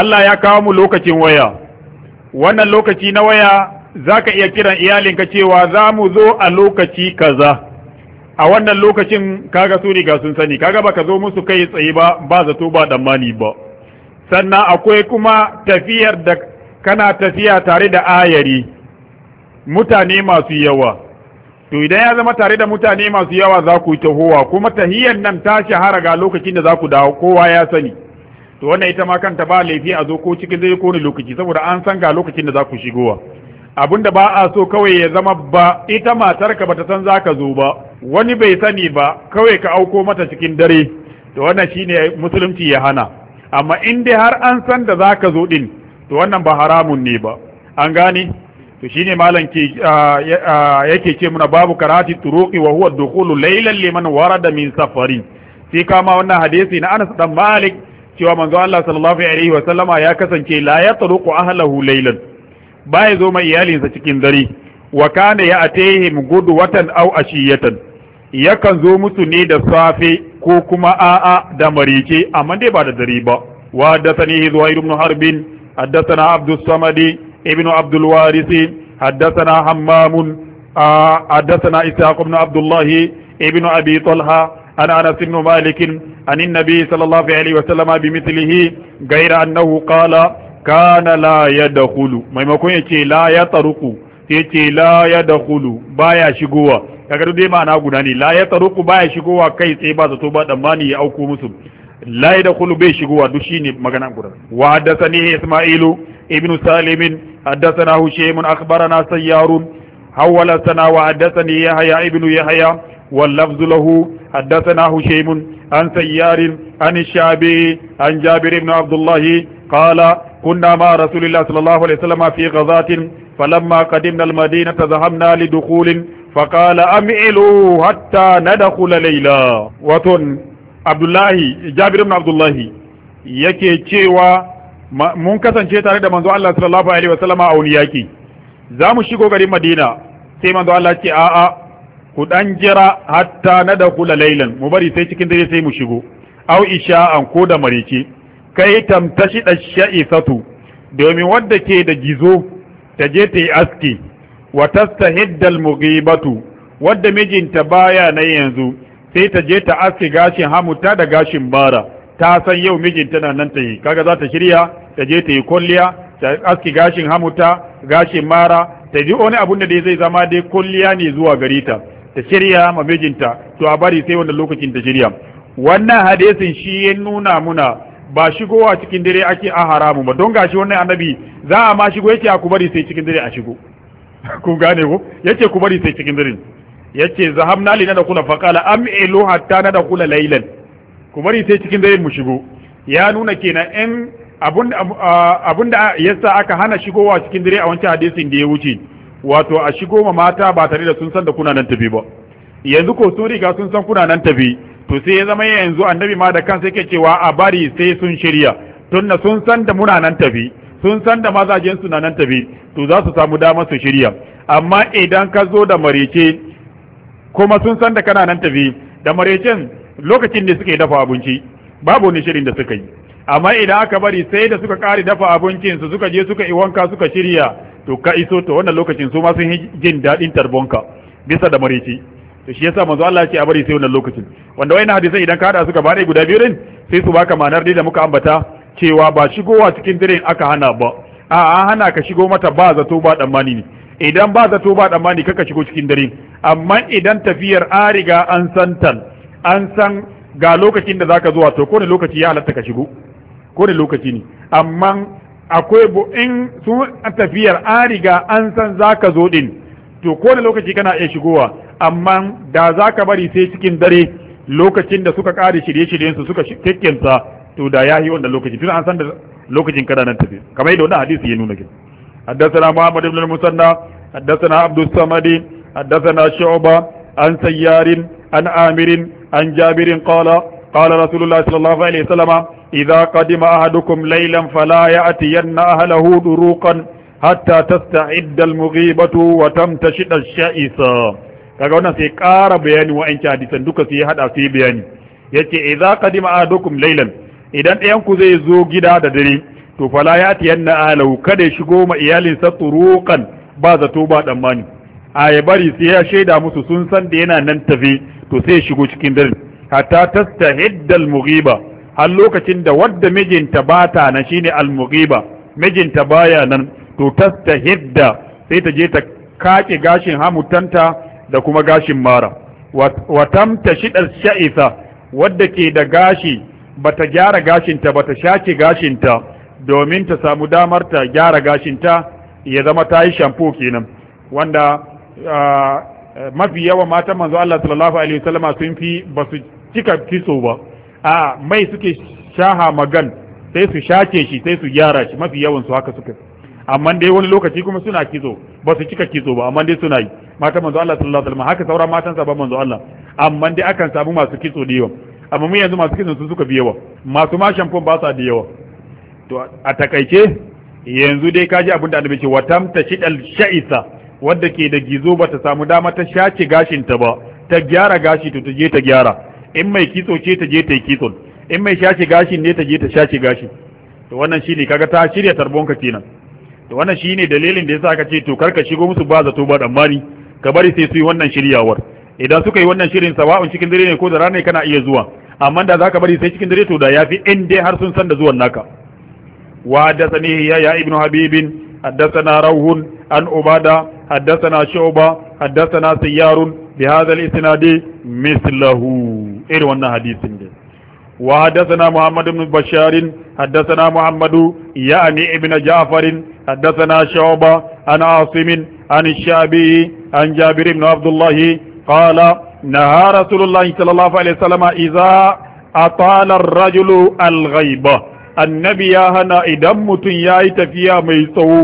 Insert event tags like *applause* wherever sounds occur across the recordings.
Allah ya kawo mu lokacin waya wannan lokaci na waya zaka iya kiran iyalinka cewa za mu zo a lokaci kaza a wannan lokacin kaga su riga sun sani kaga baka zo musu kai tsaye ba ba zato ba damani ba sannan akwai kuma tafiyar da kana tafiya tare da ayari mutane masu yawa to idan ya zama tare da mutane masu yawa za ku yi tahowa kuma tahiyar nan ta shahara ga lokacin da za ku dawo kowa ya sani to wannan ita ma kanta ba laifi a zo ko cikin zai ko ne lokaci saboda an san ga lokacin da za ku shigowa abinda ba a so kawai ya zama ba ita matarka bata san zaka zo ba wani bai sani ba kawai ka auko mata cikin dare to wannan shine musulunci ya hana amma in dai har an san da zaka zo din to wannan ba haramun ne ba an gane to shine malam ke yake ce muna babu karati turuqi wa huwa dukhulu laylan liman warada min safari sai kama wannan hadisi na Anas dan Malik cewa manzo Allah sallallahu alaihi wa sallama ya kasance la yatruqu ahlahu laylan baya zo mai iyalinsa cikin dare wa kana ya'tihim gudwatan aw ashiyatan yakan zo musu ne da safe ko kuma a'a da marice amma dai ba da dare ba wa haddathani zuhair ibn harbin haddathana abdus samadi ibnu abdul warisi haddathana hammamun حدثنا إسحاق بن عبد الله ابن أبي طلحة عن أنس بن عن النبي صلى الله عليه وسلم بمثله غير أنه قال كان لا يدخل ما يمكن يتي لا يطرق يتي لا يدخل بايا شقوة kaga dai ma'ana guda ne la ya taruku baya shigowa kai tsaye ba zato ba damani ya auko musu la ya dakhulu bai shigowa duk shine magana guda wa haddathani isma'ilu ibnu Salimin, haddathana hushaym akhbarana sayyarun hawala sana wa haddathani yahya ibnu yahya wal lafzu lahu عن سيار عن الشعبي عن جابر بن عبد الله قال كنا مع رسول الله صلى الله عليه وسلم في غزاة فلما قدمنا المدينة ذهبنا لدخول فقال أمئلوا حتى ندخل ليلا وتن عبد الله جابر بن عبد الله yake cewa mun kasance tare da manzo Allah sallallahu alaihi wasallama a wani yaki za mu shigo garin Madina sai manzo Allah ce a'a ku dan jira hatta na da kula lailan mu bari sai cikin dare sai mu shigo au isha'an ko da marice kai tamtashi da sha'isatu domin wadda ke da gizo ta je ta yi aski wa tastahidda mughibatu wadda mijinta baya na yanzu sai ta je ta aski gashin hamuta da gashin bara ta san yau mijinta na nan ta yi kaga za ta shirya ta je ta yi kulliya ta aski gashin hamuta gashin mara ta ji wani abun da zai zama dai kulliya ne zuwa gari ta ta shirya ma mijinta to a bari sai wanda lokacin ta shirya wannan hadisin shi ya nuna muna ba shigowa cikin dare ake a haramu ba don gashi wannan annabi za a ma shigo yake a ku bari sai cikin dare a shigo *laughs* ku gane ko yace ku bari sai cikin dare yace zahamna li da kula faqala am ilu hatta kula laylan ku bari sai cikin dare mu shigo ya nuna kenan in abun abun da yasa aka hana shigowa cikin dare a wancan hadisin da ya wuce wato a shigo ma mata ba tare da sun san da kuna nan tafi ba yanzu ko sun riga sun san kuna nan tafi to sai ya zama yanzu annabi ma da kansa yake cewa a bari sai sun shirya tunda sun san da muna nan tafi sun san da mazajen su na nan tafi to za su samu dama su shirya amma idan ka zo da marece kuma sun san da kana nan tafi da marecen lokacin da suke dafa abinci babu wani shirin da suka yi amma idan aka bari sai da suka kare dafa abincin su suka je suka yi wanka suka shirya to ka iso to wannan lokacin su ma sun jin daɗin tarbonka bisa da marici to shi yasa manzo Allah ce a bari sai wannan lokacin wanda wayan hadisan idan ka hada su gaba guda biyu din sai su baka manar da muka ambata cewa ba shigowa cikin diren aka hana ba a an hana ka shigo mata ba zato ba mani ne idan ba zato ba mani kaka shigo cikin dare. amma idan tafiyar an riga an san tan an san ga lokacin da zaka zuwa to ko ne lokaci ya halatta ka shigo ko ne lokaci ne amma akwai in sun tafiyar an riga an san za ka zo din to ko da lokaci kana iya shigowa amma da za ka bari sai cikin dare lokacin da suka kare shirye-shiryen su suka kekkenta to da yahi wanda lokaci tun an san da lokacin kana nan tafi kamar yadda wannan hadisi ya nuna kin حدثنا محمد بن المثنى حدثنا عبد الصمد حدثنا شعبة an سيار an عامر عن جابر قال قال رسول الله صلى الله إذا قدم أحدكم ليلا فلا يأتين أهله دروقا حتى تستعد المغيبة وتمتشد الشائسة kaga wannan sai ƙara bayani wa'ancan hadisan duka sai ya hada sai bayani yace idza qadima ahadukum laylan idan ɗayan ku zai zo gida da dare to fala ya tiyanna ahlahu kada ya shigo ma iyalinsa turuqan ba zato ba tsammani a ya bari sai ya shaida musu sun san da yana nan tafi to sai ya shigo cikin dare hatta tastahiddal mughiba har lokacin da wadda mijinta ba ta nan shi shine almugiba mijinta baya nan to hidda, sai ta je ta kaƙe gashin hamutanta da kuma gashin mara wa tamta shidar sha'isa wadda ke da gashi ba ta gyara gashinta ba bata shake gashinta domin ta samu damar ta gyara gashinta ya zama ta yi shampo kenan wanda mafi yawa matan manzo Allah sallallahu alaihi wasallama sun fi ba su cika kitso ba a mai suke shaha magan sai su shace shi sai su gyara shi mafi yawan su haka suka amma dai wani lokaci kuma suna kizo ba su cika kizo ba amma dai suna yi mata manzo Allah sallallahu alaihi wasallam haka sauran matan sa ba manzo Allah amma dai akan samu masu kizo da yawa amma mu yanzu masu kizo su suka fi yawa masu ma shampoo ba sa da yawa to a takaice yanzu dai kaji abin da annabi ce watam ta shidal sha'isa wadda ke da gizo ba ta samu dama ta shace gashin ta ba ta gyara gashi to ta je ta gyara in mai kitso ce ta je ta yi kitson in mai shashi gashin ne ta je ta shashi gashin to wannan shine kaga ta shirya tarbonka kenan to wannan shine dalilin da yasa aka ce to karka shigo musu ba zato ba damani ka bari sai su yi wannan shiryawar idan suka yi wannan shirin sawa'un cikin dare ne ko da rana kana iya zuwa amma da zaka bari sai cikin dare to da yafi in dai har sun san da zuwan naka wa hadathani ya ya ibnu habibin an ubada عن shu'ba حدثنا شعبة bi hadha al-isnadi mislahu. irin wannan hadisin ne wa haddathana muhammad ibn bashar haddathana muhammad ya'ni ibn ja'far haddathana shawba an asim an shabi an jabir ibn abdullah qala naha rasulullah sallallahu alaihi wasallam idza atala ar-rajulu al-ghaiba annabi ya hana idan mutun yayi tafiya mai tsawo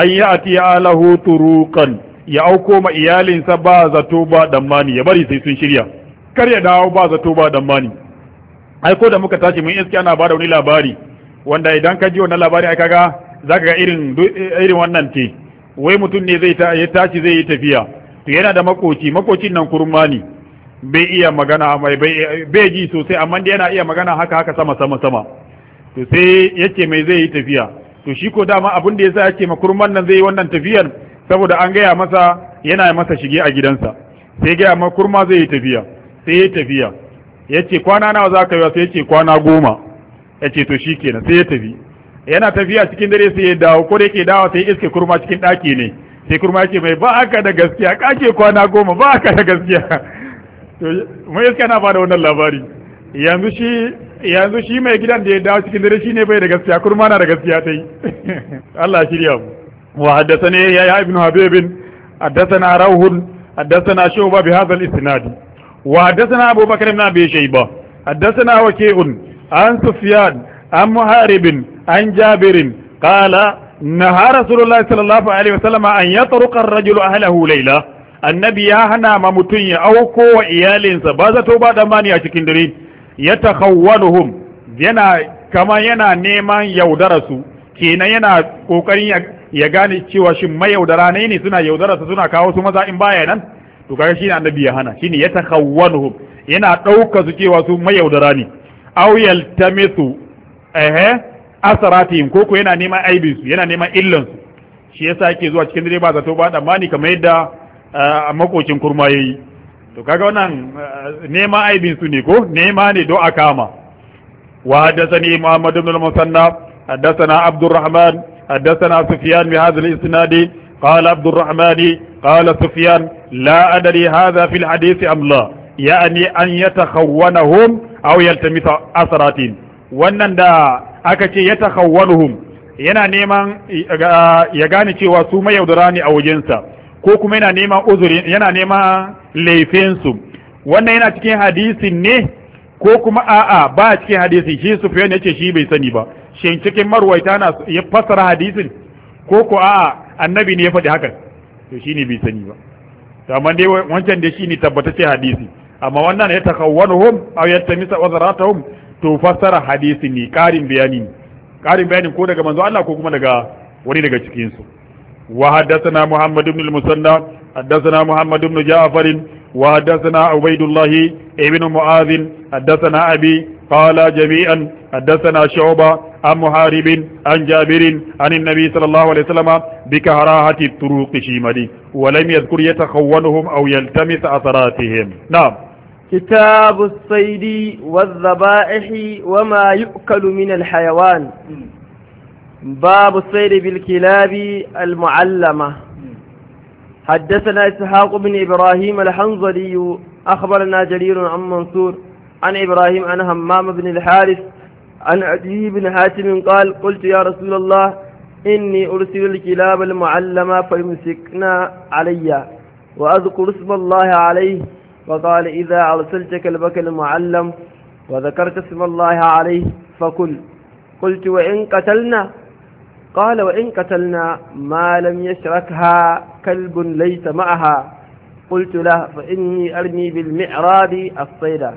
an yi a tiyalahu turukan ya auko ma iyalinsa ba zato ba damani ya bari sai sun shirya kar ya dawo ba zato ba mani ai ko da muka tashi mun iske ana da wani labari wanda idan ka ji wannan labari ai kaga zaka ga irin irin wannan ce wai mutum ne zai ta ya tashi zai yi tafiya to yana da makoci makocin nan kurma ne bai iya magana mai bai ji sosai amma dai yana iya magana haka haka sama sama sama to sai yace mai zai yi tafiya to shi ko dama abin da yasa yace ma kurman nan zai yi wannan tafiyar saboda an gaya masa yana masa shige a gidansa sai gaya ma kurma zai yi tafiya sai ya tafiya ya ce kwana nawa za ka yi sai ya ce kwana goma ya ce to shi kenan sai ya tafi yana tafiya cikin dare sai ya dawo ko da yake dawo sai iske kurma cikin ɗaki ne sai kurma ya ce mai ba aka da gaskiya ka ce kwana goma ba aka da gaskiya *laughs* to mai iska na bada wannan labari yanzu shi yanzu shi mai gidan da ya dawo cikin dare shi ne bai da gaskiya kurma na da gaskiya ta yi. *laughs* Allah shirya mu wa ne ya yi ibn na haddathana rawhun na shuba bi hadal al وحدثنا أبو بكر بن أبي شيبة حدثنا وكيء عن سفيان عن محارب kala جابر قال نهى رسول الله صلى الله عليه وسلم أن يطرق الرجل أهله ليلة annabi ya hana ma mutum ya auko wa iyalinsa ba zato ba damani a cikin dare ya takhawwanuhum yana kama yana neman yaudarasu kenan yana kokarin ya gane cewa shin mayaudara ne ne suna yaudara suna kawo su maza in baya nan to kaga shine annabi ya hana shi ne ya takhawwanuhum yana dauka su cewa su mayaudara ne aw yaltamithu eh asaratihim ko ko yana neman aibin su yana neman illan su shi yasa yake zuwa cikin dare ba zato ba tsammani kamar yadda a eh, makocin kurma yayi to kaga wannan eh, neman aibin su ne ko nema ne do a kama wa haddathani muhammad ibn al-musanna haddathana abdurrahman haddathana sufyan bi hadha al-isnad qala abdurrahman قال سفيان لا أدري هذا في الحديث أم لا يعني أن يتخونهم أو يلتمس أسراتين wannan da aka ce ya takawwanuhum yana neman ya gane cewa su yaudara ne a wajensa ko kuma yana neman uzuri yana neman laifinsu wannan yana cikin hadisin ne ko kuma a'a ba cikin hadisin shi Sufyan yace shi bai sani ba shin cikin marwaita na ya fassara hadisin ko ko a'a annabi ne ya faɗi hakan to shine bai sani ba to amma dai wancan dai shine tabbatacce hadisi amma wannan ya takawwanuhum aw yattamisa wazaratuhum to fassara hadisi ne karin bayani karin bayani ko daga manzo Allah ko kuma daga wani daga cikin su wa haddathana Muhammad ibn al-Musanna haddathana Muhammad ibn Ja'far wa haddathana Ubaydullah ibn Mu'adh haddathana abi qala jami'an حدثنا شعبة عن محارب عن جابر عن النبي صلى الله عليه وسلم بكراهة الطرق شيمدي ولم يذكر يتخونهم أو يلتمس أثراتهم نعم كتاب الصيد والذبائح وما يؤكل من الحيوان باب الصيد بالكلاب المعلمة حدثنا إسحاق بن إبراهيم الحنظلي أخبرنا جرير عن منصور عن إبراهيم عن همام بن الحارث عن أبي بن حاتم قال قلت يا رسول الله إني أرسل الكلاب المعلمة فيمسكنا علي وأذكر اسم الله عليه فقال إذا أرسلت كلبك المعلم وذكرت اسم الله عليه فكل قلت وإن قتلنا قال وإن قتلنا ما لم يشركها كلب ليس معها قلت له فإني أرمي بالمعراب الصيدة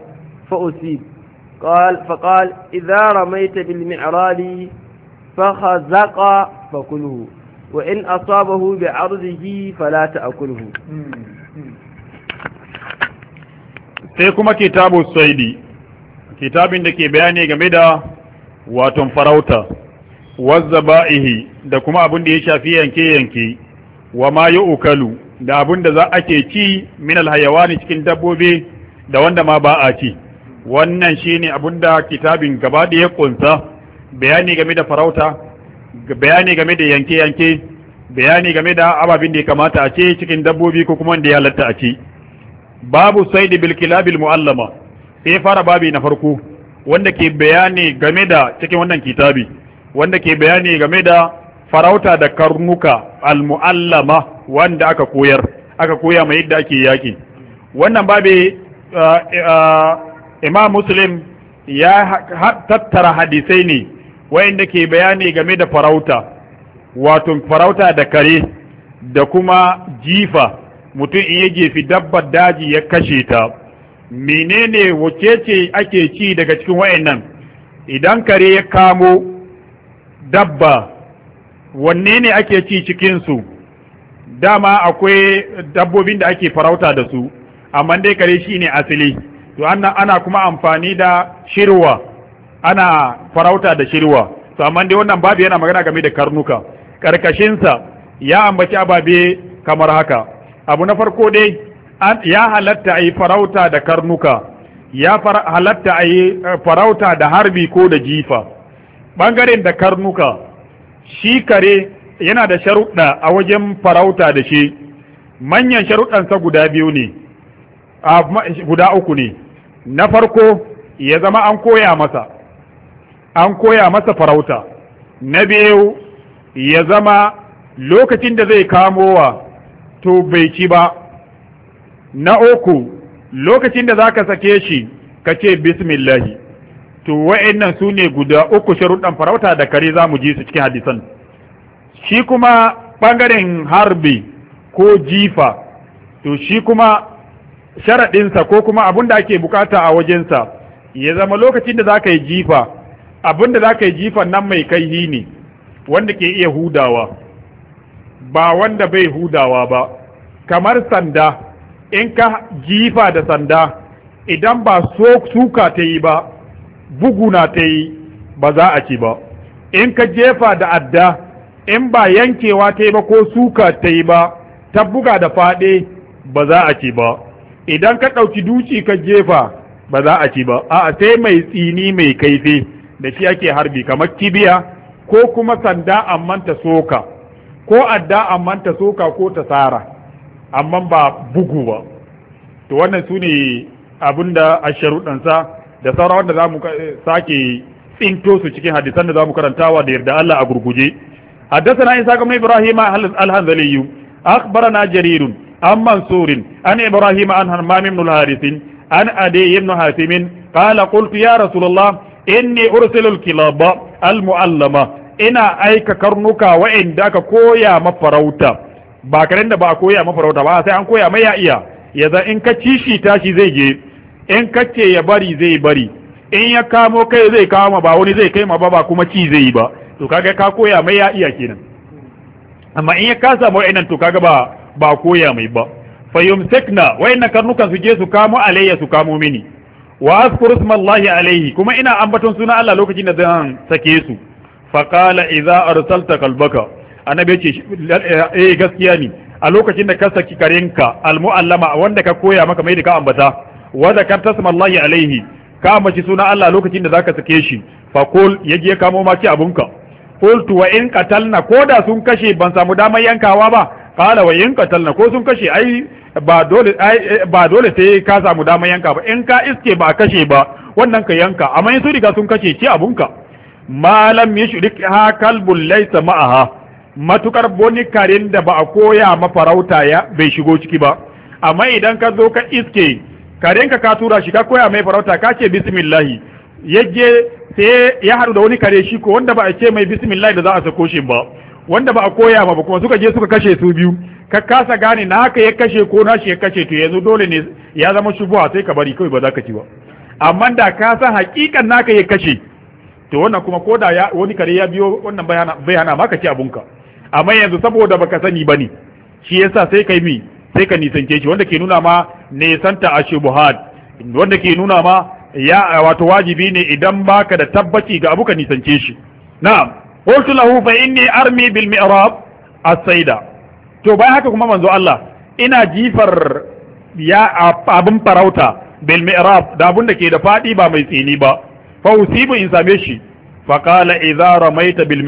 فأصيب قال فقال إذا رميت بالمعراض فخزق فكله وإن أصابه بعرضه a تأكله sai kuma kitabu saidi kitabin da ke bayani game da waton farauta wazzaba'ihi da kuma abin da ya shafi yanke yanke wa ma yu'kalu da abin da za ake ci min alhayawani cikin dabbobi da wanda ma ba a ci wannan shine da kitabin gaba da ya kunsa bayani game da farauta bayani game da yanke-yanke bayani game da ababin da ya kamata a ce cikin dabbobi ko kuma da ya halatta a ce babu saidi bil kilabil muallama sai fara babi na farko wanda ke bayani game da cikin wannan kitabi wanda ke bayani game da farauta da karnuka al muallama wanda aka koyar aka koya mai yadda ake yaki wannan babi uh, uh, imam muslim ya tattara hadisai ne wayanda ke bayani game da farauta wato farauta da kare da kuma jifa mutum in ya jefi dabbar daji ya kashe ta menene wace ce ake ci daga cikin wayannan idan kare ya kamo dabba wanne ne ake ci cikinsu dama akwai dabbobin da ake farauta da su amma dai kare shine asali to ana kuma amfani da shirwa ana farauta da shirwa to amma dai wannan babu yana magana game da karnuka karkashinsa ya ambaci ababe kamar haka abu na farko dai ya halatta a yi farauta da karnuka ya halatta a yi eh, farauta da harbi ko da jifa ɓangaren da karnuka shi kare yana da sharuɗa a wajen farauta da shi manyan sharuɗansa guda biyu ne guda uku ne na farko ya zama an koya masa an koya masa farauta na biyu ya zama lokacin da zai wa to bai ci ba na uku lokacin da za ka sake shi ka ce bismillahi to wa'annan su ne guda uku sharuɗan farauta da kare za mu ji su cikin hadisan shi kuma ɓangaren harbi ko jifa to shi kuma sharaɗinsa ko kuma abin da ake bukata a wajensa ya zama lokacin da za ka yi jifa abin da za ka yi jifan nan mai kaihi ne wanda ke iya hudawa ba wanda bai hudawa ba kamar sanda in ka jifa da sanda idan ba so suka ta yi ba buguna ta yi ba za a ci ba in ka jefa da adda in ba yankewa ta yi ba ko suka ta yi ba ta buga da faɗe ba za a ci ba idan ka ɗauki duci ka jefa ba za a ci ba a sai mai tsini mai kaifi da shi ake harbi kamar kibiya ko kuma sanda a ta soka ko adda a ta soka ko ta tsara amma ba bugu ba to wannan su ne abin da a sharuɗansa da saura wanda za mu eh, sake tsinto su cikin hadisan da za mu karantawa da yarda Allah a gurguje haddasa na حدثنا إسحاق بن إبراهيم الهنزلي na jaririn. عن منصور عن إبراهيم عن همام بن الحارث عن أدي بن حاتم ya قلت in ne الله إني أرسل الكلاب المعلمة ina aika karnuka wa'inda aka koya mafarauta ba karen da ba a koya mafarauta ba sai an koya mai ya iya ya in ka ci tashi zai je in ka ce ya bari zai bari in ya kamo kai zai kama ba wani zai kai ma ba kuma ci zai yi ba to kaga ka koya mai ya iya kenan amma in ya kasa mu wa'innan to kaga ba ba koya mai ba fa yumsikna waina karnukan su je su kamo alayya su kamo mini wa azkuru smallahi alayhi kuma ina ambaton suna Allah lokacin da zan sake su fa qala idza arsalta qalbaka annabi ce eh, eh gaskiya ne a lokacin da ka saki karenka almuallama wanda ka koya maka mai da ka ambata wa zakarta smallahi alayhi ka ambaci suna Allah lokacin da zaka sake shi fa ya yaje kamo ma ci abunka qultu wa in qatalna koda sun kashe ban samu damar yankawa ba qala wa in qatalna ko sun kashe ba dole eh, ba dole sai ka samu damar yanka ba in ka iske ba kashe ba wannan ka yanka amma in sun riga sun kashe ce abunka malam yushrik ha kalbun laysa ma'aha matukar boni karin da ba a koya mafarauta ya bai shigo ciki ba amma idan ka zo ka iske karen ka ka tura shi ka koya mai farauta ka ce bismillahi yaje sai ya haɗu da wani kare shi ko wanda ba a ce mai bismillahi da za a sako shi ba wanda ba a koya ba kuma suka je suka kashe su biyu ka kasa gane na haka ya kashe ko na shi ya kashe to yanzu dole ne ya zama shubuwa sai ka bari kawai ba za ka ci ba amma da ka san hakikan naka ya kashe to wannan kuma ko da ya wani kare ya biyo wannan bayana bayana ma ka ci abunka amma yanzu saboda baka sani bane shi yasa sai kai mi sai ka nisance shi wanda ke nuna ma ne santa a shubuhat wanda ke nuna ma ya wato wajibi ne idan baka da tabbaci ga abu ka nisance shi na'am qultu lahu in ni armi bil mi'rab as to bayan haka kuma manzo Allah ina jifar ya abin farauta bil da abun da ke da fadi ba mai tsini ba fa usibu in same shi fa qala idza ramaita bil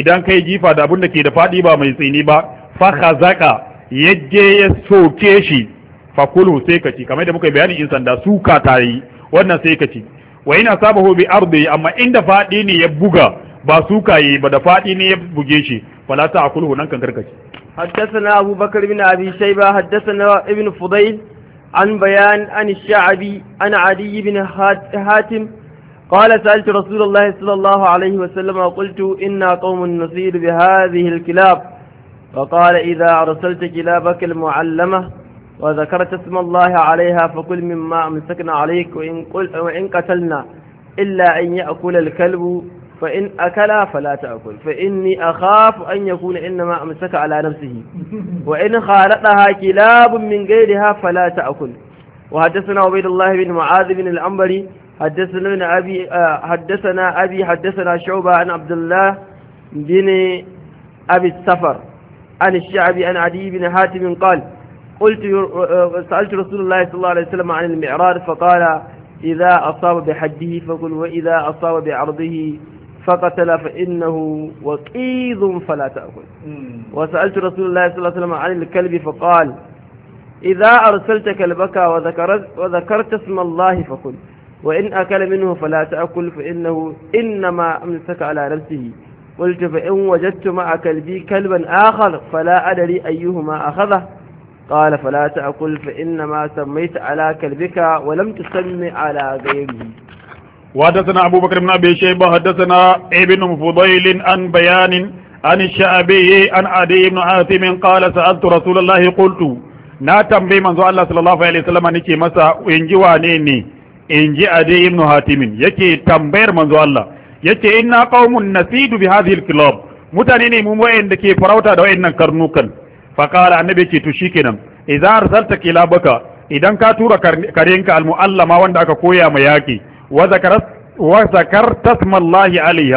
idan kai jifa da abun da ke da fadi ba mai tsini ba fa khazaka yaje ya soke shi fa kulu sai ka ci kamar da muka bayani in sanda suka ta yi wannan sai ka ci wa ina sabahu bi ardi amma da fadi ne ya buga ba sukaye ba da fadi ne ya buge shi fala ta akulhu nan kan karkace حدثنا أبو بكر بن أبي شيبة حدثنا ابن فضيل عن بيان عن الشعبي عن عدي بن حاتم قال سألت رسول الله صلى الله عليه وسلم وقلت إنا قوم نصير بهذه الكلاب فقال إذا أرسلت كلابك المعلمة وذكرت اسم الله عليها فكل مما أمسكنا عليك وإن, وإن قتلنا إلا أن يأكل الكلب فإن أكل فلا تأكل فإني أخاف أن يكون إنما أمسك على نفسه وإن خالطها كلاب من غيرها فلا تأكل وحدثنا عبيد الله بن معاذ بن العنبري حدثنا من أبي حدثنا أبي حدثنا شعبة عن عبد الله بن أبي السفر عن الشعبي عن عدي بن حاتم قال قلت سألت رسول الله صلى الله عليه وسلم عن المعراض فقال إذا أصاب بحجه فقل وإذا أصاب بعرضه فقتل فإنه وقيض فلا تأكل وسألت رسول الله صلى الله عليه وسلم عن الكلب فقال إذا أرسلت كلبك وذكرت, وذكرت اسم الله فكل وإن أكل منه فلا تأكل فإنه إنما أمسك على نفسه قلت فإن وجدت مع كلبي كلبا آخر فلا أدري أيهما أخذه قال فلا تأكل فإنما سميت على كلبك ولم تسمي على غيره وحدثنا أبو بكر بن أبي شيبة حدثنا ابن فضيل عن بيان عن الشعبي عن عدي بن عاثم قال سألت رسول الله قلت na tambayi manzo Allah sallallahu alaihi wasallam nake masa in ji wane ne in ji Ade ibn Hatimin yake tambayar manzo Allah yace inna qaumun nasidu bi hadhihi al mutane ne mu da ke farauta da wayannan karnukan fa qala annabi ce to shikenan idza arsalta kilabaka idan ka tura karenka al wanda aka koya ma yaki wa zakar tasmallahi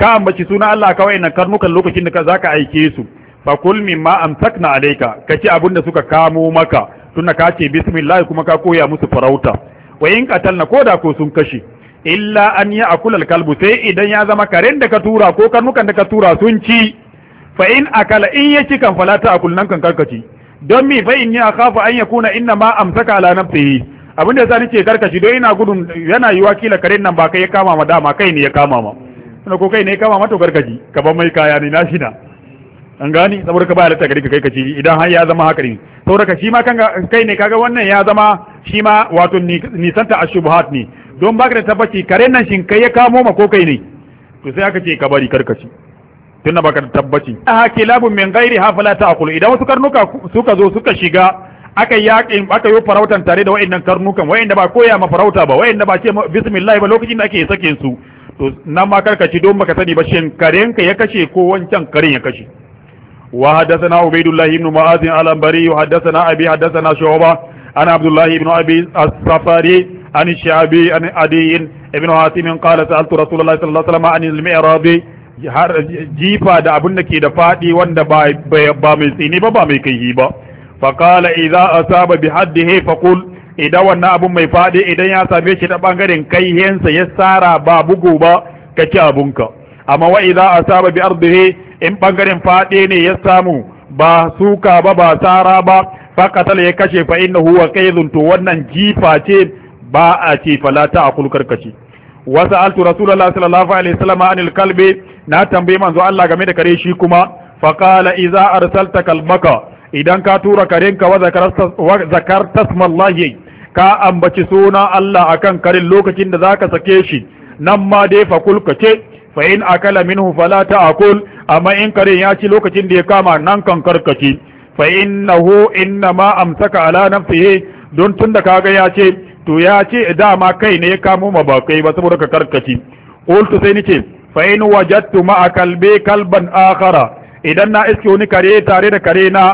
ka ambaci suna Allah kawai na karnukan lokacin da ka zaka aike su fa kul mimma amsakna alayka kace abinda suka kamo maka tunda ka ce bismillah kuma ka koya musu farauta wa in ko koda ko sun kashe illa an ya'kula al-kalbu sai idan ya zama karen da ka tura ko karnukan da ka tura sun ci fa in akala in a kan falata akul nan kan karkaci don mi fa inni akhafu an yakuna inna ma amsaka ala nafsihi abin da Sani ce karkashi don ina gudun yana yiwa kila karen nan ba kai ya kama ma dama kai ne ya kama ma tunda ko kai ne ya kama ma to karkashi ka ban mai kaya ne na shi na an gani saboda ka ba halatta gari ka kai kashi idan har ya zama haka ne saboda ka shi ma kai ne kaga wannan ya zama shi ma wato nisanta hat ne don baka da tabbaci karen nan shin kai ya kamo ma ko kai ne to sai aka ce ka bari karkashi tunda baka da tabbaci a ah, kilabun min gairi hafala fala ta'qulu idan wasu karnuka suka zo suka shiga aka yaƙi aka yi farautan tare da wa'annan karnukan wa'anda ba koya ma farauta ba wa'anda ba ce bismillah ba lokacin da ake sake su to nan ma karkaci don baka sani ba shin karen ka ya kashe ko wancan karen ya kashe wa haddathana ubaydullah ibn mu'adh al-anbari wa haddathana abi haddathana shu'ba ana abdullah ibn abi as-safari ani shabi ani adiyin ibn hatim qala sa'altu rasulullah sallallahu alaihi wasallam anil mi'rabi jifa da abun da ke da fadi wanda ba ba mai tsini ba ba mai kai ba faƙala idza asaba bi haddihi faqul idan wannan abun mai faɗi idan ya same shi ta bangaren kai hensa ya sara ba bugu ba kace abunka amma wa idza asaba bi ardihi in bangaren faɗi ne ya samu ba suka ba ba sara ba faqatal ya kashe fa innahu wa qaidun to wannan jifa ce ba a ce fala ta akul karkashi wa sa'altu rasulullahi sallallahu alaihi wasallam anil kalbi na tambaye manzo Allah game da kare shi kuma za idza arsalta kalbaka idan ka tura karenka wa zakar tasmallahi ka ambaci suna Allah akan karin lokacin da zaka sake shi nan ma dai fa ka ce fa in akala minhu fala ta'kul amma in karen ya ci lokacin da ya kama nan kan karkaci fa innahu innama amsaka ala nafsihi don tunda kaga ya ce to ya ce dama kai ne ya kamo ma ba kai ba saboda ka karkaci qultu sai nice fa in wajadtu ma'a kalbi kalban akhara idan na iske wani kare tare da kare na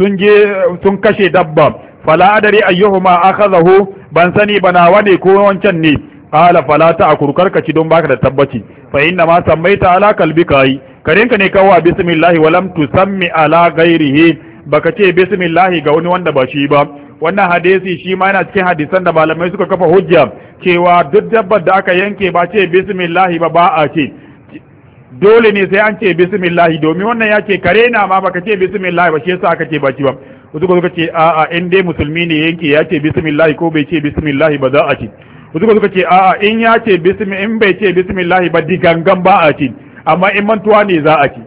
sun je sun kashe dabba fala adari ayyuhuma akhadahu ban sani bana wane ko wancan ne qala fala ta ka ci don baka da tabbaci fa inna ma sammaita ala kalbika yi karinka ne kawwa bismillah wa lam tusammi ala ghairihi baka ce bismillah ga wani wanda ba shi ba wannan hadisi shi ma yana cikin hadisan da malamai suka kafa hujja cewa duk dabbar da aka yanke ba ce bismillah ba ba a ce dole ne sai an ce bismillahi domin wannan ya ce kare na ma baka ce bismillahi ba shi yasa aka ce ba ci ba wasu ko suka ce a a in dai musulmi ne yanke ya ce bismillahi ko bai ce bismillahi ba za a ci wasu ko suka ce a a in ya ce bismi in bai ce bismillahi ba digangan ba a ci amma in mantuwa ne za a ci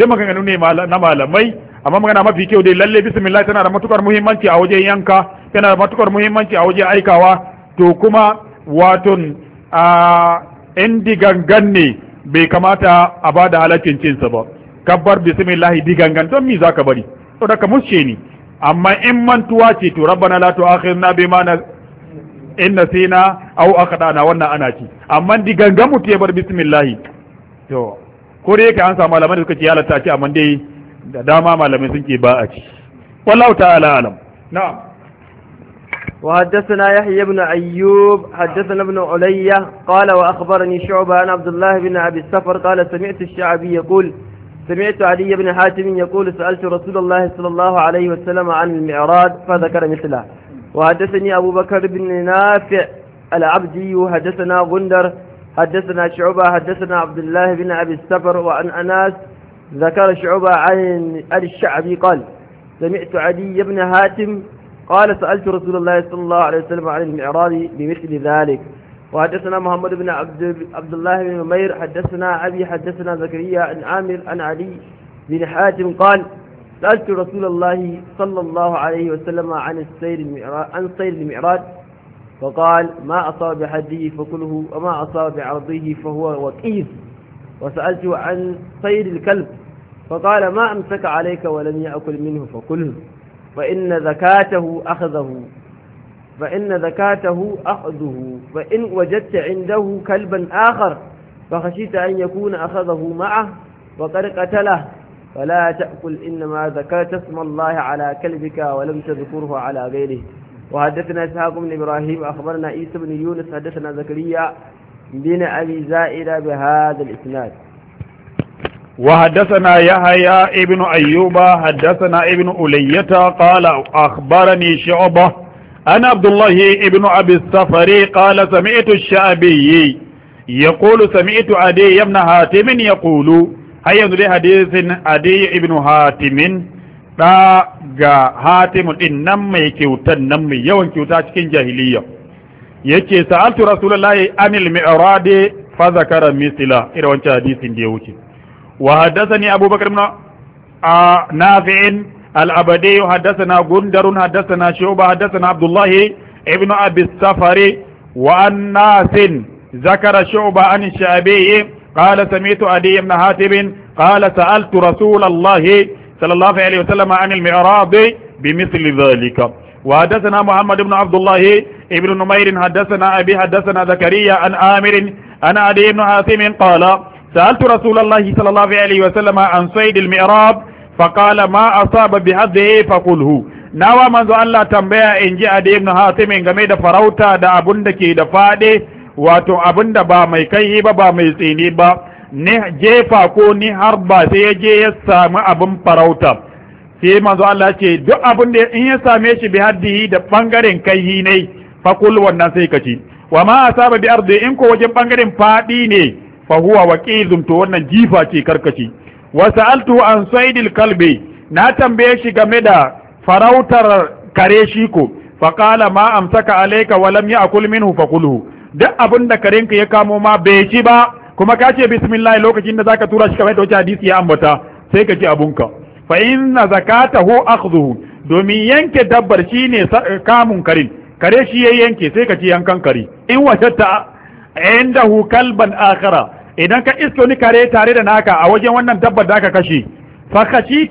duk maganganu ne na malamai amma magana mafi kyau dai lalle bismillahi tana da matukar muhimmanci a wajen yanka tana da matukar muhimmanci a wajen aikawa to kuma waton a in digangan ne bai kamata a ba da halaccin cinsa ba kabbar bismillahi gangan don mi za ka bari to daga musce ni amma in mantuwa ce to rabbana la tu'akhirna bima na in nasina aw akhdana wannan ana ci amma digangan mutu ya bar bismillahi to ko da yake an samu malamai da suka ce halatta ci amma dai da dama malamai sun ce ba a ci wallahu ta'ala alam na'am وحدثنا يحيى بن أيوب حدثنا ابن عليا قال وأخبرني شعبة عن عبد الله بن أبي السفر قال سمعت الشعبي يقول سمعت علي بن حاتم يقول سألت رسول الله صلى الله عليه وسلم عن المعراج فذكر مثله وحدثني أبو بكر بن نافع العبدي وحدثنا غندر حدثنا شعبة حدثنا عبد الله بن أبي السفر وعن أناس ذكر شعبة عن الشعبي قال سمعت علي بن حاتم قال سألت رسول الله صلى الله عليه وسلم عن المعراض بمثل ذلك وحدثنا محمد بن عبد, عبد الله بن عمير حدثنا أبي حدثنا زكريا عن عامر عن علي بن حاتم قال سألت رسول الله صلى الله عليه وسلم عن السير المعراض عن سير المعراض فقال ما أصاب بحده فكله وما أصاب بعرضه فهو وكيف وسألته عن سير الكلب فقال ما أمسك عليك ولم يأكل منه فكله فإن زكاته أخذه فإن زكاته أخذه فإن وجدت عنده كلبا آخر فخشيت أن يكون أخذه معه وقد قتله فلا تأكل إنما زكات اسم الله على كلبك ولم تذكره على غيره وحدثنا إسحاق بن إبراهيم أخبرنا عيسى بن يونس حدثنا زكريا بن أبي زائدة بهذا الإسناد وحدثنا يحيى ابن أيوب حدثنا ابن ألية قال أخبرني شعبة أنا عبد الله ابن أبي السفري قال سمعت الشعبي يقول سمعت عدي بن هاتم يقول هيا نري حديث عدي ابن هاتم دا غا هاتم إنم كيوتن نم يوان كيوتا cikin jahiliya yace sa'altu rasulullahi anil mi'radi fa zakara misla ira wancan hadisin da ya wuce وحدثني أبو بكر بن نافع الأبدي حدثنا غندر حدثنا شعبة حدثنا عبد الله ابن أبي السفر وأن ناس ذكر شعبة عن الشعبي قال سمعت أدي بن حاتم قال سألت رسول الله صلى الله عليه وسلم عن المعراض بمثل ذلك وحدثنا محمد بن عبد الله ابن نمير حدثنا أبي حدثنا زكريا عن آمر عن أدي بن حاتم قال سألت رسول الله صلى الله عليه وسلم عن صيد المعراب فقال ما أصاب بحده فقله nawa manzo Allah tambaya in ji Adi ibn Hatim game da farauta da abun da ke da fade wato abun da ba mai kai ba mai tsini ba ni jefa ko ni harba sai ya je ya samu abun farauta sai manzo Allah ce duk abun in ya same shi bi haddihi da bangaren kai wannan sai ka ci wa ma in ko wajen bangaren faɗi ne fa huwa waqizum to wannan jifa ce karkace wa sa'altu an saidil kalbi na tambaye shi game da farautar kare shi ko fa qala ma amsaka alayka wa lam ya'kul minhu fakuluhu duk abin da karenka ya kamo ma bai ci ba kuma ka ce bismillah lokacin da zaka tura shi kamar da wata hadisi ya ambata sai ka ci abunka fa inna zakatahu akhdhu domin yanke dabbar shine kamun karin kare shi ya yanke sai ka ci yankan kare in ta, indahu kalban akhara idan ka isko ni kare tare da naka a wajen wannan dabbar da aka kashe fa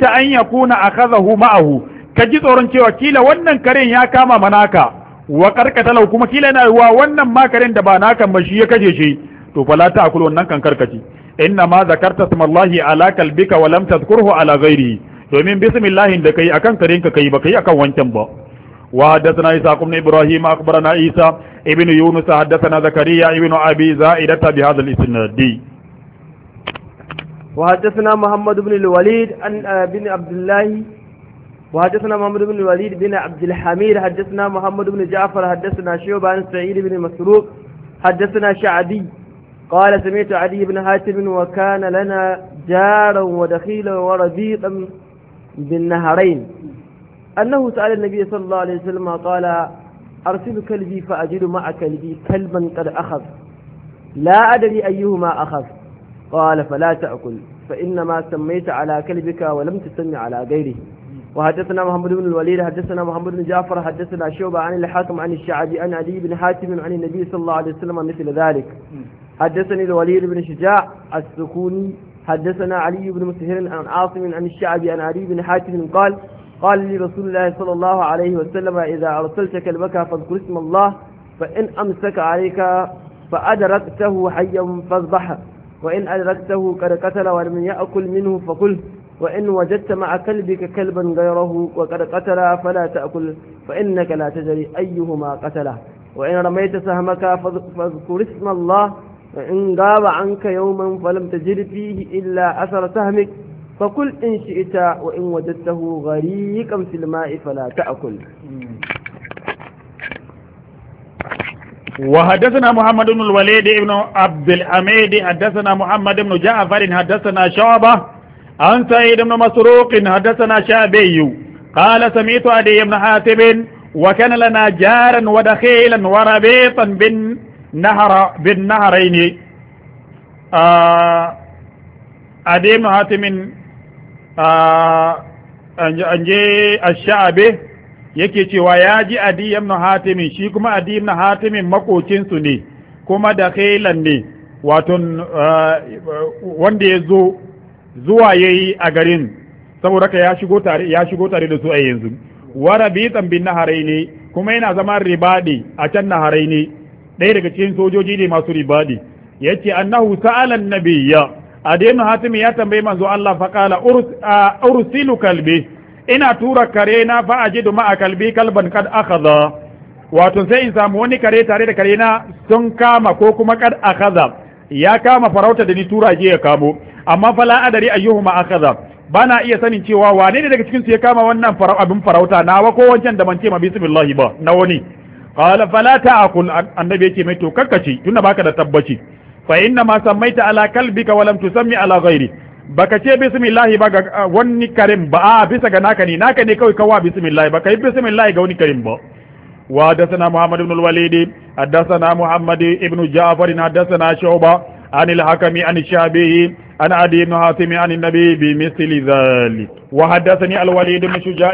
ta an a kazahu ma'ahu ka ji tsoron cewa kila wannan karen ya kama manaka wa karkatalau kuma kila yana wa wannan ma da ba naka ba shi ya kashe shi to fala ta akul wannan kan karkace inna ma zakarta smallahi ala kalbika wa lam tadhkurhu ala domin bismillahin da kai akan karenka ka kai ba kai akan wancan ba وحدثنا عيسى بن إبراهيم أخبرنا عيسى ابن يونس حدثنا زكريا ابن أبي زائدة بهذا الإسناد وحدثنا محمد بن الوليد عن آه، بن عبد الله وحدثنا محمد بن الوليد بن عبد الحميد حدثنا محمد بن جعفر حدثنا شعبة عن سعيد بن مسروق حدثنا شعبي قال سمعت علي بن حاتم وكان لنا جارا ودخيلا وربيطا بالنهرين أنه سأل النبي صلى الله عليه وسلم قال أرسل كلبي فأجد مع كلبي كلبا قد أخذ لا أدري أيهما أخذ قال فلا تأكل فإنما سميت على كلبك ولم تسمي على غيره وحدثنا محمد بن الوليد حدثنا محمد بن جعفر حدثنا شعبة عن الحاكم عن الشعبي عن علي بن حاتم عن النبي صلى الله عليه وسلم مثل ذلك حدثني الوليد بن شجاع السكوني حدثنا علي بن مسهر عن عاصم عن الشعبي عن علي بن حاتم قال قال لي رسول الله صلى الله عليه وسلم إذا أرسلت كلبك فاذكر اسم الله فإن أمسك عليك فأدركته حيا فاذبحه وإن أدركته قد قتل ولم يأكل منه فقل وإن وجدت مع كلبك كلبا غيره وقد قتل فلا تأكل فإنك لا تدري أيهما قتله وإن رميت سهمك فاذكر اسم الله فإن غاب عنك يوما فلم تجد فيه إلا أثر سهمك فكل إن شئت وإن وجدته غريقا في الماء فلا تأكل وحدثنا محمد بن الوليد بن عبد الحميد حدثنا محمد بن جعفر حدثنا شعبة عن سعيد بن مسروق حدثنا شعبي قال سمعت أبي بن حاتب وكان لنا جارا ودخيلا وربيطا بالنهر بالنهرين آه أدي بن حاتم an je ash-sha'abe yake cewa ya ji adi ibn hatim shi kuma adi ibn hatim makocin su ne kuma da khailan ne wato wanda ya zo zuwa yayi a garin saboda ka ya shigo tare ya shigo tare da su a yanzu wa rabitan bin Haraini, kuma yana zama ribadi a can Haraini, ɗaya daga cikin sojoji ne masu ribadi yace annahu sa'ala nabiyya adenu Hatima ya tambayi manzo Allah fa qala ursilu kalbi ina tura kare na fa ajidu ma kalbi kalban kad akhadha wato sai in samu wani kare tare da kare na sun kama ko kuma kad akhadha ya kama farauta da ni tura je ya kamo amma fala adari ayyuhuma akhadha bana iya sanin cewa wane ne daga cikin su ya kama wannan abin farauta nawa ko wancan da ban ce ma bismillah ba na wani qala fala ta'kul annabi yake mai to kakkaci tunda baka da tabbaci fa inna ma sammaita ala kalbika wa lam tusammi ala ghairi baka ce bismillah ba ga wani karim ba a bisa ga naka ne naka ne kawai kawa bismillah ba kai bismillah ga wani karim ba wa dasana muhammad ibn al-walid حدثنا محمد ابن جعفر حدثنا شعبة عن الحكم عن الشعبي عن عدي بن حاتم عن النبي بمثل ذلك وحدثني الوليد بن شجاع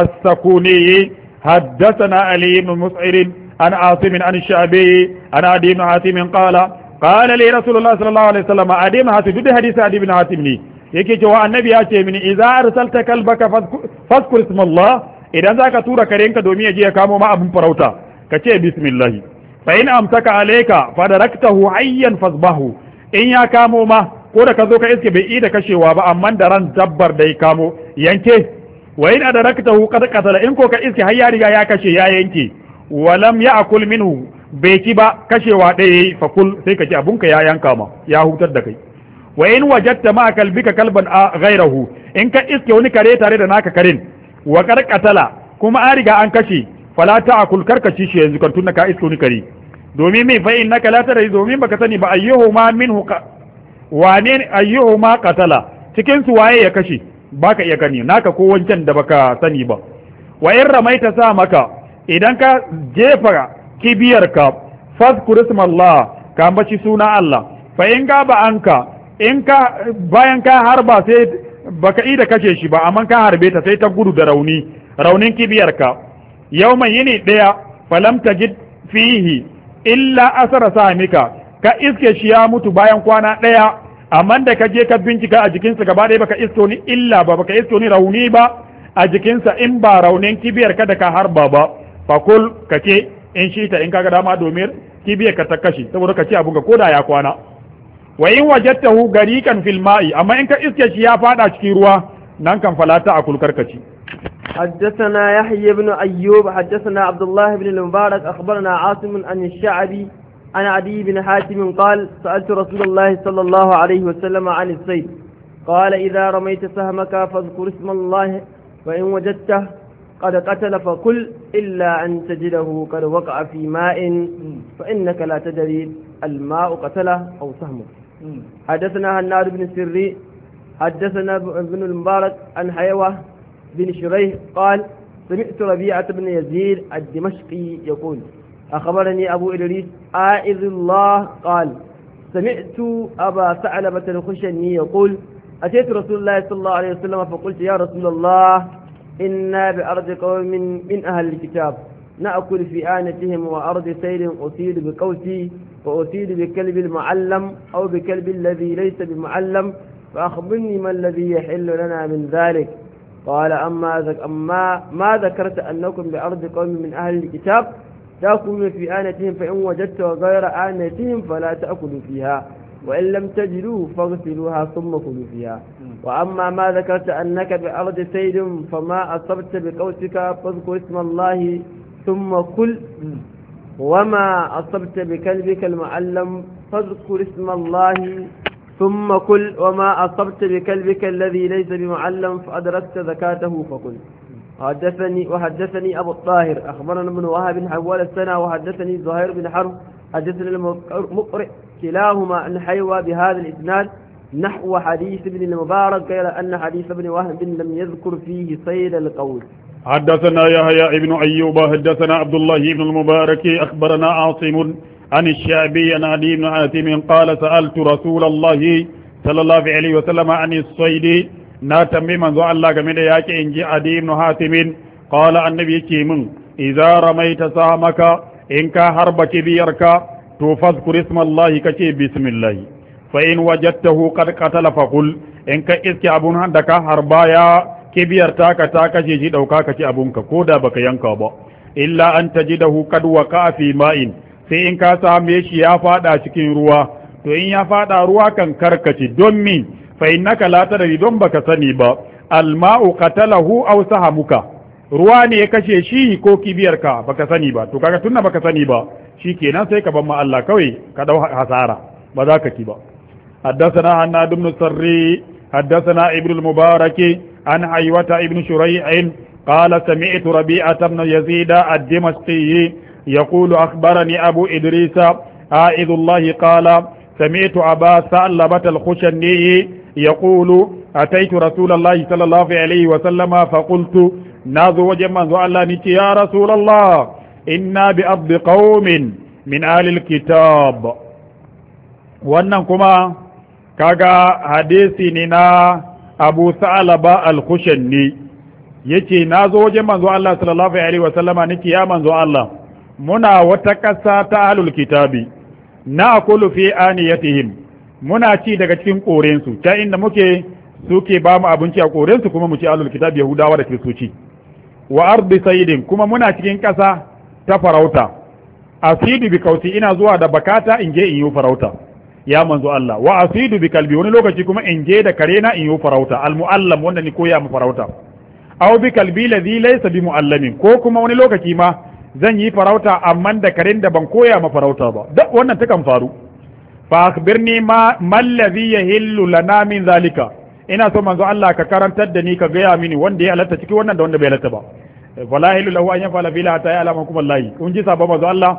السكوني حدثنا علي بن مسعر عن عاصم عن الشعبي عن عدي بن حاتم قال qala li rasulullah sallallahu alaihi wasallam adim hatu duk hadisi adi ibn hatim ne yake cewa annabi ya ce mini idza arsalta kalbaka fazkur ismallah idan zaka tura karenka domin ya je ya kamo ma abun farauta ka ce bismillah fa in amsaka alayka fadaraktahu hayyan fazbahu in ya kamo ma ko da ka zo ka iske bai da kashewa ba amma da ran dabbar da ya kamo yanke wa in adaraktahu qad qatala in ko ka iske har ya riga ya kashe ya yanke walam ya'kul minhu bai ci ba kashewa ɗaya yi fakul sai ka ci abunka ya yanka ma ya hutar da kai wa in wajatta ma ka kalban a gairahu in ka iske wani kare tare da naka karin wa karkatala kuma an riga an kashe fala a karkaci shi yanzu kan tunna ka iske wani kare domin mai fa innaka da yi domin baka sani ba ayyuhu ma min huka wane ma katala cikin su waye ya kashe baka iya gani naka ko wancan da baka sani ba wa in ramaita sa maka idan ka jefa kibiyarka fadhkur ismallah ka ambaci suna Allah fa in ga ba anka in ka bayan ka harba sai baka ida kashe shi ba amma ka harbe ta sai ta gudu da rauni raunin kibiyarka yawma yini daya falam tajid fihi illa asara samika ka iske shi ya mutu bayan kwana daya amma da ka je ka bincika a jikinsa gaba ɗaya baka isko ni illa ba baka isko ni rauni ba a jikinsa in ba raunin kibiyarka da ka harba ba fakul ka ke. in shi ta in kaga dama domin kibiyar ka ta kashi saboda ka ci abun ka koda ya kwana wa in hu garikan fil ma'i amma in ka iske shi ya fada cikin ruwa nan kan falata a kulkar kaci حدثنا يحيى بن أيوب حدثنا عبد الله بن المبارك أخبرنا عاصم عن الشعبي عن عدي بن حاتم قال سألت رسول الله صلى الله عليه وسلم عن الصيد قال إذا رميت سهمك فاذكر اسم الله فإن وجدته قد قتل فكل إلا أن تجده قد وقع في ماء فإنك لا تدري الماء قتله أو سهمه حدثنا هناد بن سري حدثنا ابن المبارك عن حيوة بن شريح قال سمعت ربيعة بن يزيد الدمشقي يقول أخبرني أبو إدريس آئذ الله قال سمعت أبا ثعلبة الخشني يقول أتيت رسول الله صلى الله عليه وسلم فقلت يا رسول الله إنا بأرض قوم من أهل الكتاب نأكل في آنتهم وأرض سير أصيد بقوتي وأصيد بكلب المعلم أو بكلب الذي ليس بمعلم فأخبرني ما الذي يحل لنا من ذلك قال أما, ذك أما ما ذكرت أنكم بأرض قوم من أهل الكتاب تأكلون في آنتهم فإن وجدت غير آنتهم فلا تأكلوا فيها وإن لم تجدوه فاغسلوها ثم كلوا فيها وأما ما ذكرت أنك بأرض سيد فما أصبت بقوتك فاذكر اسم الله ثم كل وما أصبت بكلبك المعلم فاذكر اسم الله ثم كل وما أصبت بكلبك الذي ليس بمعلم فأدركت زكاته فكل حدثني وحدثني أبو الطاهر أخبرنا ابن وهب حول السنة وحدثني زهير بن حرب حدثني المقرئ كلاهما أن حيوى بهذا الإسناد نحو حديث ابن المبارك غير أن حديث ابن وهب لم يذكر فيه صيد القول حدثنا يحيى ابن أيوب حدثنا عبد الله بن المبارك أخبرنا عاصم عن الشعبي عن علي بن عاتم قال سألت رسول الله صلى الله عليه وسلم عن الصيد ناتم بمن manzo Allah ياك da yaƙi بن حاتم قال ibn Hatim qala annabi yake min idza ramaita samaka to fazkur ismallahi kace bismillah fa in wajadtahu qad qatala qul in ka iske abun handa ka harba ya kibiyar taka ta kace shi dauka kace abun ka koda baka yanka ba illa an tajidahu qad waqa fi ma'in sai in ka same shi ya fada cikin ruwa to in ya fada ruwa kan karkace don min fa innaka la tadri don baka sani ba alma'u qatalahu aw sahamuka ruwa ne ya kashe shi ko kibiyarka baka sani ba to kaga tunna baka sani ba shi kenan sai ka ban ma'alla kawai ka ɗau hasara ba za ka ki ba haddasana hannu dumnu sarri haddasana ibrul mubaraki an haiwata ibn shura'in qala sami'tu rabi'a ibn yazid ad-dimashqi yaqulu akhbarani abu idrisa a'idullah qala sami'tu aba sa'labat al-khushani yaqulu ataitu rasulallahi sallallahu alayhi wa sallama fa qultu nazu wajh man za'alani ya rasulallah inna bi abdi qaumin min alil kitab wannan kuma kaga hadisi ni na abu salaba al yace nazo wajen manzo Allah sallallahu alaihi wa sallama nake ya manzo Allah muna wata kasa ta ahlul kitabi akulu fi aniyatihim muna ci daga cikin koren su ta inda muke suke ba mu abinci a koren su kuma mu ci ahlul kitabi yahudawa da kristoci wa ardi sayidin kuma muna cikin kasa ta farauta asidu bi kausi ina zuwa da bakata in je in yi farauta ya manzo Allah wa asidu bi kalbi wani lokaci kuma in je da kare na in yi farauta al muallam wanda ni koya mu farauta aw bi kalbi ladhi laysa bi muallamin ko kuma wani lokaci ma zan yi farauta amma da karen da ban koya ma farauta ba duk wannan ta kan faru fa akhbirni ma mal ladhi yahillu lana min zalika ina so manzo Allah ka karantar da ni ka gaya mini wanda ya halatta ciki wannan da wanda bai halatta ba fala hilu lahu an yafala bila ta ya alama kuma layi kun ji sabon manzo Allah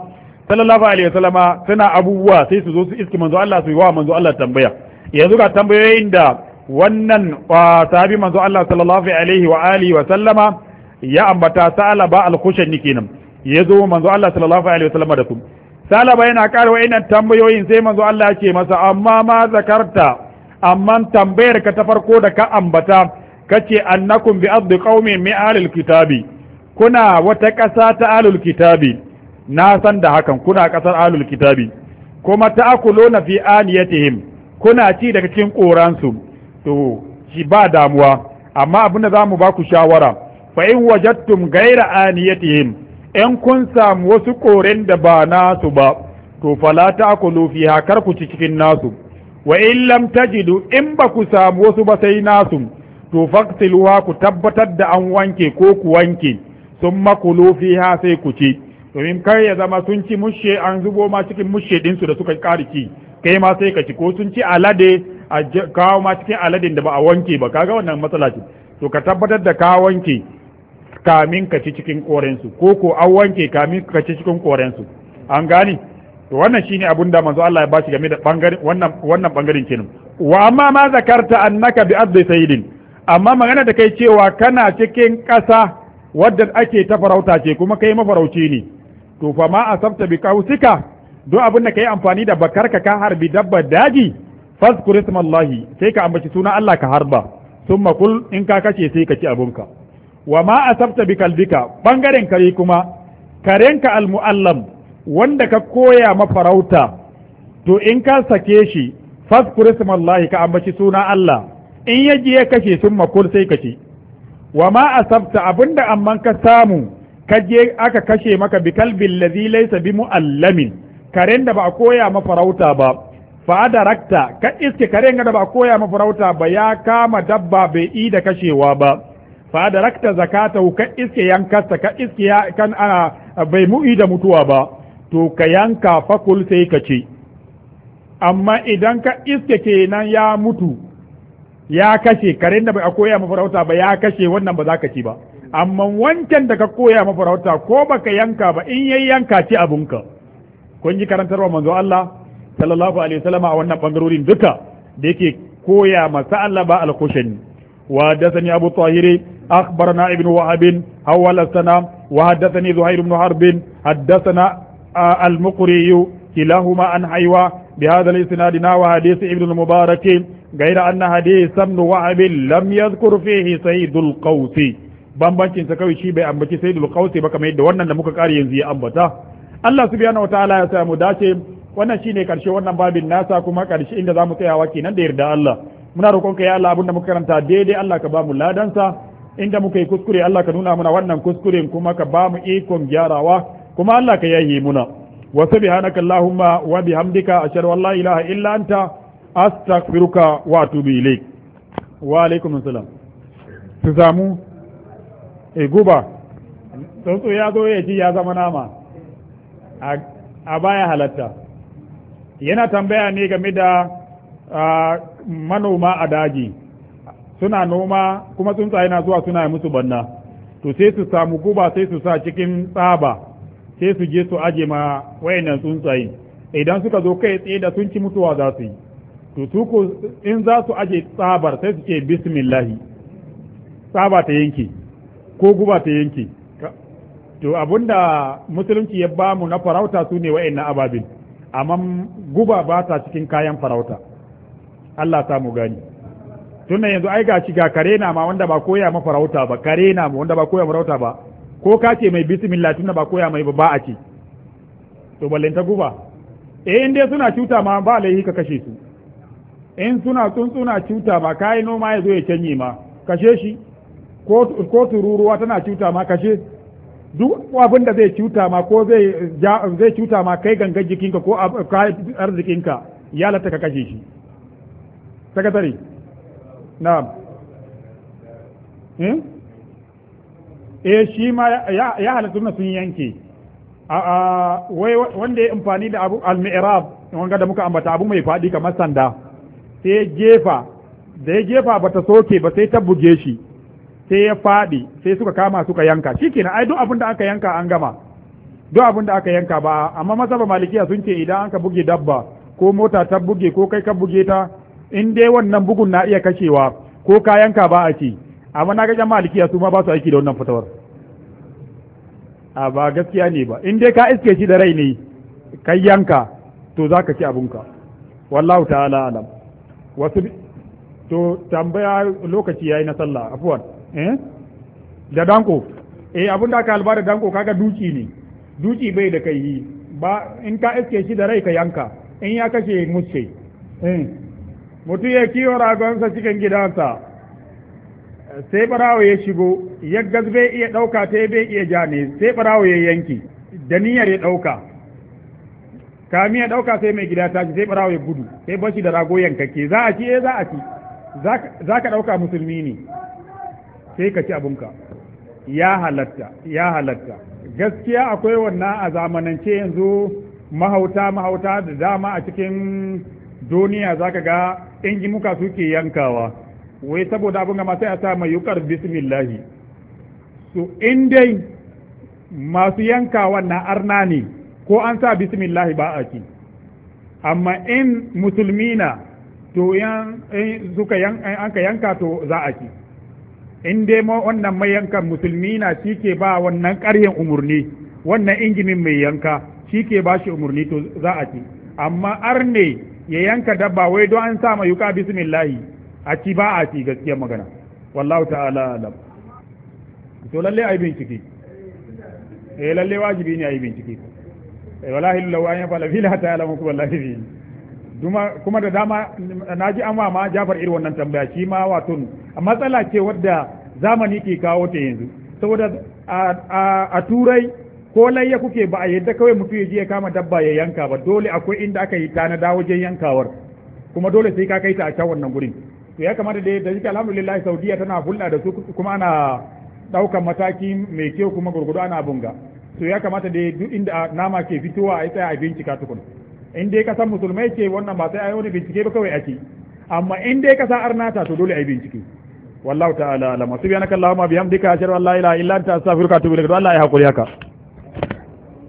sallallahu alaihi wasallama suna abubuwa sai su zo su iski manzo Allah su yi wa manzo Allah tambaya yanzu ga tambayoyin da wannan sahabi manzo Allah sallallahu alaihi wa alihi wa sallama ya ambata salaba al-khushani kenan ya zo manzo Allah sallallahu alaihi wa sallama da su salaba yana ƙara wa'innan tambayoyin sai manzo Allah ce masa amma ma zakarta amma tambayar ka ta farko da ka ambata kace annakum bi ardi qaumin min ahlil kitabi kuna wata ƙasa ta alul kitabi na san da hakan kuna ƙasar alul kitabi kuma na fi aniyatihim kuna ci daga cikin ƙoransu to shi ba damuwa amma abin da mu ba ku shawara fa in wajattum gaira aniyatihim in kun samu wasu koren da ba nasu ba to fala ta akulo fi hakar ku ci cikin nasu wa in lam tajidu in ba ku samu wasu ba sai nasu to faktiluwa ku tabbatar da an wanke ko ku wanke sun makulu fiha sai ku ci domin kar ya zama sun ci mushe an zubo ma cikin mushe ɗinsu da suka ƙari ci kai ma sai ka ci ko sun ci alade a kawo ma cikin aladin da ba a wanke ba kaga wannan matsala ce to ka tabbatar da ka wanke kamin ka ci cikin korensu ko ko an wanke kamin ka ci cikin korensu an gane to wannan shine abun da manzo Allah ya bashi game da bangaren wannan wannan bangaren kenan wa amma ma zakarta annaka bi adli sayyidin amma magana da kai cewa kana cikin ƙasa wadda ake ta farauta ce kuma kai mafarauci ne to fa ma asabta bi kausika do abin da kai amfani da bakarka ka harbi dabba daji fazkur ismallahi sai ka ambaci suna Allah ka harba thumma kul in ka kace sai ka ci abunka wa ma asabta bi kalbika bangaren kare kuma karenka almuallam wanda ka koya mafarauta to in ka sake shi fazkur ismallahi ka ambaci suna Allah in yaji ya kashe thumma kul sai ka ci wa ma asabta abinda amman ka samu kaje aka kashe maka bi kalbin ladhi laysa bi muallamin karen da ba a koya farauta ba fa adarakta ka iske karen da ba a koya farauta ba ya kama dabba bai yi da kashewa ba fa adarakta zakata ka iske yankasta ka iske ya kan ana bai mu'i da mutuwa ba to ka yanka fakul sai ka ce amma idan ka iske kenan ya mutu ya kashe karen da ba a koya ma farauta ba ya kashe wannan ba za ka ci ba amma wancan da ka koya ma farauta ko baka yanka ba in yayi yanka ci abunka kun ji karantarwa manzo Allah sallallahu alaihi wasallam a wannan bangarorin duka da yake koya ma ba al-kushani wa hadathani abu tahiri akhbarana ibnu wahab hawala sana wa hadathani zuhair ibn harb hadathana al-muqri kilahuma an haywa بهذا الاسناد نحو حديث ابن المبارك gaira anna hadith ibn wa'ab lam yadhkur fihi sayyidul qawsi bambancin sa kawai shi bai ambaci sai qawsi ba kamar yadda wannan da muka kare yanzu ya ambata Allah subhanahu wataala ya samu dace wannan shine karshe wannan babin nasa kuma karshe inda zamu tsayawa kenan da yarda Allah muna roƙon ka ya Allah abinda muka karanta daidai Allah ka ba ladan ladansa inda muka yi kuskure Allah ka nuna muna wannan kuskuren kuma ka bamu ikon gyarawa kuma Allah ka yayi muna wa subhanaka allahumma wa bihamdika ashhadu an la ilaha illa anta astaghfiruka wa atubu ilaik wa alaikum assalam su samu e guba tsuntsu ya zo ya ci ya zama nama a baya halatta yana tambaya ne game da manoma a daji suna noma kuma tsuntsaye na zuwa suna musu banna to sai su samu guba sai su sa cikin tsaba sai su je su aje ma wayannan tsuntsaye idan suka zo kai tsaye da sun ci mutuwa za su yi to in za su aje tsabar sai su ce bismillahi tsaba ta yanke ko guba ta yanke to abinda musulunci ya bamu na farauta su ne na ababin amma guba ba ta cikin kayan farauta Allah ta mu gani tunan yanzu ai gashi ga kare na ma wanda ba koya ma farauta ba kare na ma wanda ba koya farauta ba ko ka ce mai bismillah da ba koya mai ba ba a ce to ballanta guba eh in dai suna cuta ma ba laihi ka kashe su in suna tsuntsuna cuta ba kayi noma ya zo ya canye ma kashe shi ko tururuwa tana cuta ma kashe duk abin da zai cuta ma ko zai cuta ma kai gangan jikinka ko arzikinka ya lata ka kashe shi sakatare na eh? eh shi ma ya halatta na sun yanke wai wanda ya amfani da abu al-mi'rab wanga da muka ambata abu mai faɗi kamar sanda sai ya jefa da ya jefa ba ta soke ba sai ta buge shi sai ya faɗi sai suka kama suka yanka shikenan ai duk abin da aka yanka an gama duk abin da aka yanka ba amma masaba malikiya sun ce idan aka buge dabba ko mota ta buge ko kai ka buge ta in dai wannan bugun na iya kashewa ko ka yanka ba a ci amma na ga malikiya su ma ba su aiki da wannan fitowar a ba gaskiya ne ba in dai ka iske shi da rai ne kai yanka to za ka ci abunka wallahu ta'ala alam wasu to tambaya lokaci yayi na sallah afwan eh da danko eh abun da aka halba da danko kaga duci ne duci bai da kai ba in ka iske shi da rai ka yanka in ya kashe musse eh mutum ya kiwo ragonsa cikin gidansa sai barawo ya shigo ya gazbe iya ɗauka ta bai iya ja sai barawo ya yanki da niyyar ya ɗauka ka miya dauka sai mai gida ta ci sai barawo ya gudu sai bashi da rago yankake za a ci eh za a ci za ka dauka musulmi ne sai ka ci abunka ya halatta ya halatta gaskiya akwai wannan a zamanance yanzu mahauta mahauta da dama a cikin duniya zaka ga muka suke yankawa wai saboda abin gama sai a sa mai yukar bismillahi su in dai masu yankawa na arna ne ko an sa bismillah ba a ci amma in musulmina to yan suka yan an ka yanka to za a ci in dai ma wannan mai yankan musulmina shi ke ba wannan ƙaryen umurni wannan injimin mai yanka shi ke ba shi umurni to za a ci amma arne ya yanka dabba wai don an sa mai yuka bismillah a ci ba a ci gaskiyar magana wallahu ta'ala alam to lalle ai bincike eh lalle wajibi ne ai bincike Eh, wala hillu an yafala fil hatta ya'lamu kullahi fi duma kuma da dama naji an ma Jafar irin wannan tambaya shi ma wato matsala ce wadda zamani ke kawo ta yanzu saboda a turai ko layya kuke ba a yadda kawai mutum ya ya kama dabba ya yanka ba dole akwai inda aka yi tana tanada wajen yankawar kuma dole sai ka kai ta a can wannan gurin to ya kamata da da yake alhamdulillah Saudiya tana hulɗa da su kuma ana daukan mataki mai kyau kuma gurgudu ana bunga to ya kamata da duk inda nama ke fitowa a tsaya a bincika tukun in dai kasan musulmai ce wannan ba sai a yi wani bincike ba kawai ake amma in dai kasa arnata to dole a yi bincike wallahu ta'ala alama subhanaka allahumma bihamdika ashhadu an la ilaha illa anta astaghfiruka wa atubu ilayk Allah ya hakuri haka